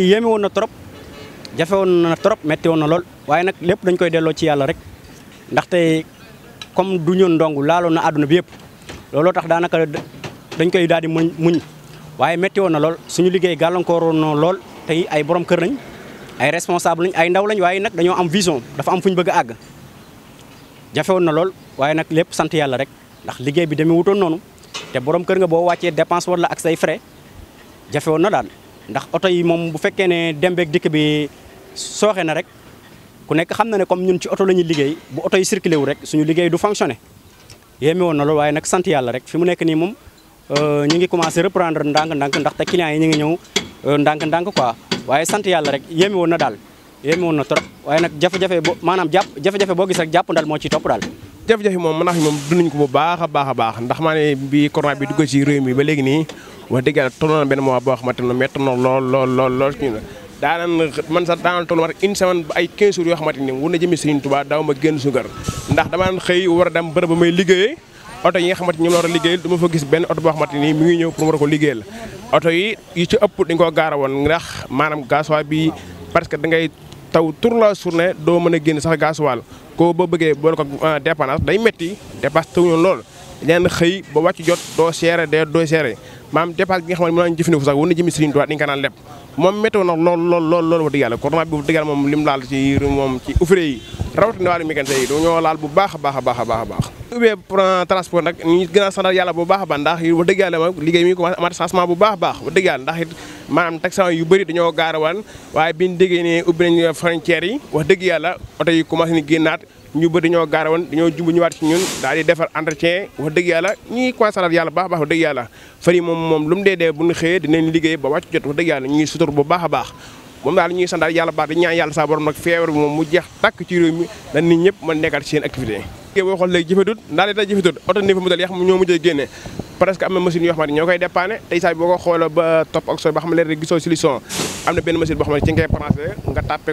yéeme woon na trop jafe woon na trop metti woon na lool waaye nag lépp dañ koy delloo ci yàlla rek ndaxte comme du ñoon ndong laaloon na àdduna bi yëpp looloo tax daanaka dañ koy daal di muñ muñ waaye metti woon na lool suñu liggéey gàllankooroon na lool tey ay borom kër lañ ay responsable lañ ay ndaw lañ waaye nag dañoo am vision dafa am fu ñu bëgg a àgg jafewoon na lool waaye nag lépp sant yàlla rek ndax liggéey bi demee wutoon noonu te borom kër nga boo wàccee dépense la ak say frais jafewoon na daal ndax oto yi moom bu fekkee ne dembeek dikk bi sooxe na rek ku nekk xam na ne comme ñun ci oto la ñuy liggéey bu oto yi circulé wu rek suñu liggéey du fonctionné yéeme woon na lool waaye nag sant yàlla rek fi mu nekk nii moom euh, ñu ngi commencé reprendre ndànk-ndànk ndax te clients yi ñu ngi ñëw euh, ndànk-ndànk quoi waaye sant yàlla rek yéeme na daal. yéeme woon na trop waaye nag jafe-jafe maanaam jàpp jafe boo gis rek jàpp ndal moo ciy topp daal jafe-jafe moom a baax ndax maa ne bi corona bi dugg ci réew mi ba léegi nii wax dëgg yàlla toll na benn mois ay 15 jours yoo xamante ni wun na jëmee a dem bërëb ba yi nga xamante war a liggéeyal du ma fa gis benn oto boo xamante ni mi ko liggéeyal oto yi yi ci ëpp dañ koo gaara woon ndax maanaam gasoil bi parce que da taw tour la journée doo mën a génn sax gaasuwaal koo ba bëggee boole ko ah dépendance day metti dépasse taw ñoonu lool leen xëy ba wàcc jot doo seere de doo seere maam dépasse bi nga xam ne mën nañu jëfandikoo sax war na jëmi Serigne Touba dañu ko naan leb moom météo nag lool lool lool loolu wax dëgg yàlla corona bi wax dëgg moom lim laal ci moom ci ouvrier yi rawatina wàllu mécanicien yi dañoo laal bu baax a baax a baax a baax ubbee transport nag ñu gën a santal yàlla bu baax a baax ndax wax dëgg yàlla moom liggéey mi ngi commencé amaat changement bu baax a baax wax dëgg yàlla ndax it maanaam taxawaay yu yi wax dëgg yàlla oto yi commencé ni génnaat ñu bëri dañoo gaarawaan dañoo jumbu ñëwaat ci ñun daal di yàlla ñu ngi commencé yàlla baax a baax yàlla fan moom moom lu mu dee dee bu ñu xëyee dinañ liggéey ba wàcc jot wax dëgg yàlla ñu ngi sutur bu baax a baax moom daal ñuy santal yàlla baax di ñaan yàlla saa borom nag feebar bi moom mu jeex tàkk ci réew mi dañ nit ñëpp mën nekkaat seen activité kii boo xool léegi jëfetut ndaa le tay jëfetut oto ni fa modèle yi xam ñoo mujjee génne presque am na machine yoo xamante ñoo koy dépanne tey saa bi boo ko xooloo ba topp ak sooy ba xam ne leer am na benn machine boo xamante ci ngay branché nga tàppe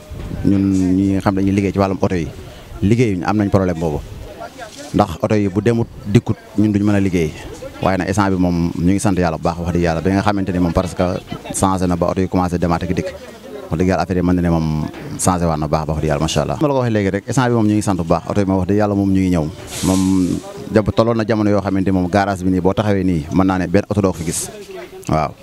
ñun ñi nga xam dañuy liggéey ci wàllum oto yi liggéeyuñu am nañ problème boobu ndax oto yi bu demut dikkut ñun duñ mën a liggéey waaye nag instant bi moom ñu ngi sant yàlla bu baax wax dëgg yàlla bi nga xamante ni na ba oto yi ne moom changé waat na baax wax dëgg yàlla macha allah. ma la ko waxee léegi rek instant bi moom ñu ngi ñëw moom jab jamono yoo xamante moom garage bi nii boo taxawee nii mën naa ne benn oto doo fi gis waaw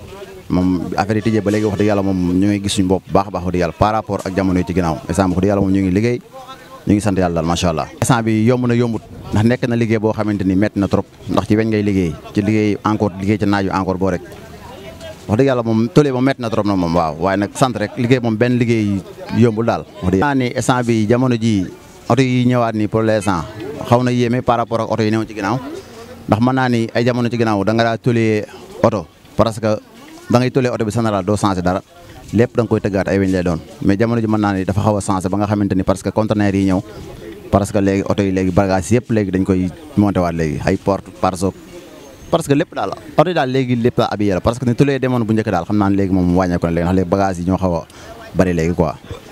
moom affaire yi tijjee ba léegi wax dëgg yàlla moom ñu ngi gis suñu bopp baax a baax wax dëgg yàlla par rapport ak jamono ci ginnaaw instant bi wax moom ñu ngi liggéey ñu ngi sant yàlla daal macha allah instant bi yomb na yombut ndax nekk na liggéey boo xamante ni metti na trop ndax ci weñ ngay liggéey ci liggéey encore liggéey ci naaju encore boo rek wax dëgg moom tolee moom metti na trop na moom waaw waaye nag sant rek liggéey moom benn liggéey yombul daal xaw na yéeme da nga da ngay tollee oto bi général doo changé dara lépp da nga koy tëggaat ay weñ lay doon mais jamono ji mën naa dafa xaw a changé ba nga xamante ni parce que conteneur yi ñëw parce que léegi oto yi léegi bagage yëpp léegi dañ koy monté waat léegi ay porte pare-choc parce que lépp daal oto yi daal léegi lépp daal parce que ni tollee demoon bu njëkk daal xam naa ne léegi moom wàññeeku na léegi léegi bagage yi ñoo xaw a léegi quoi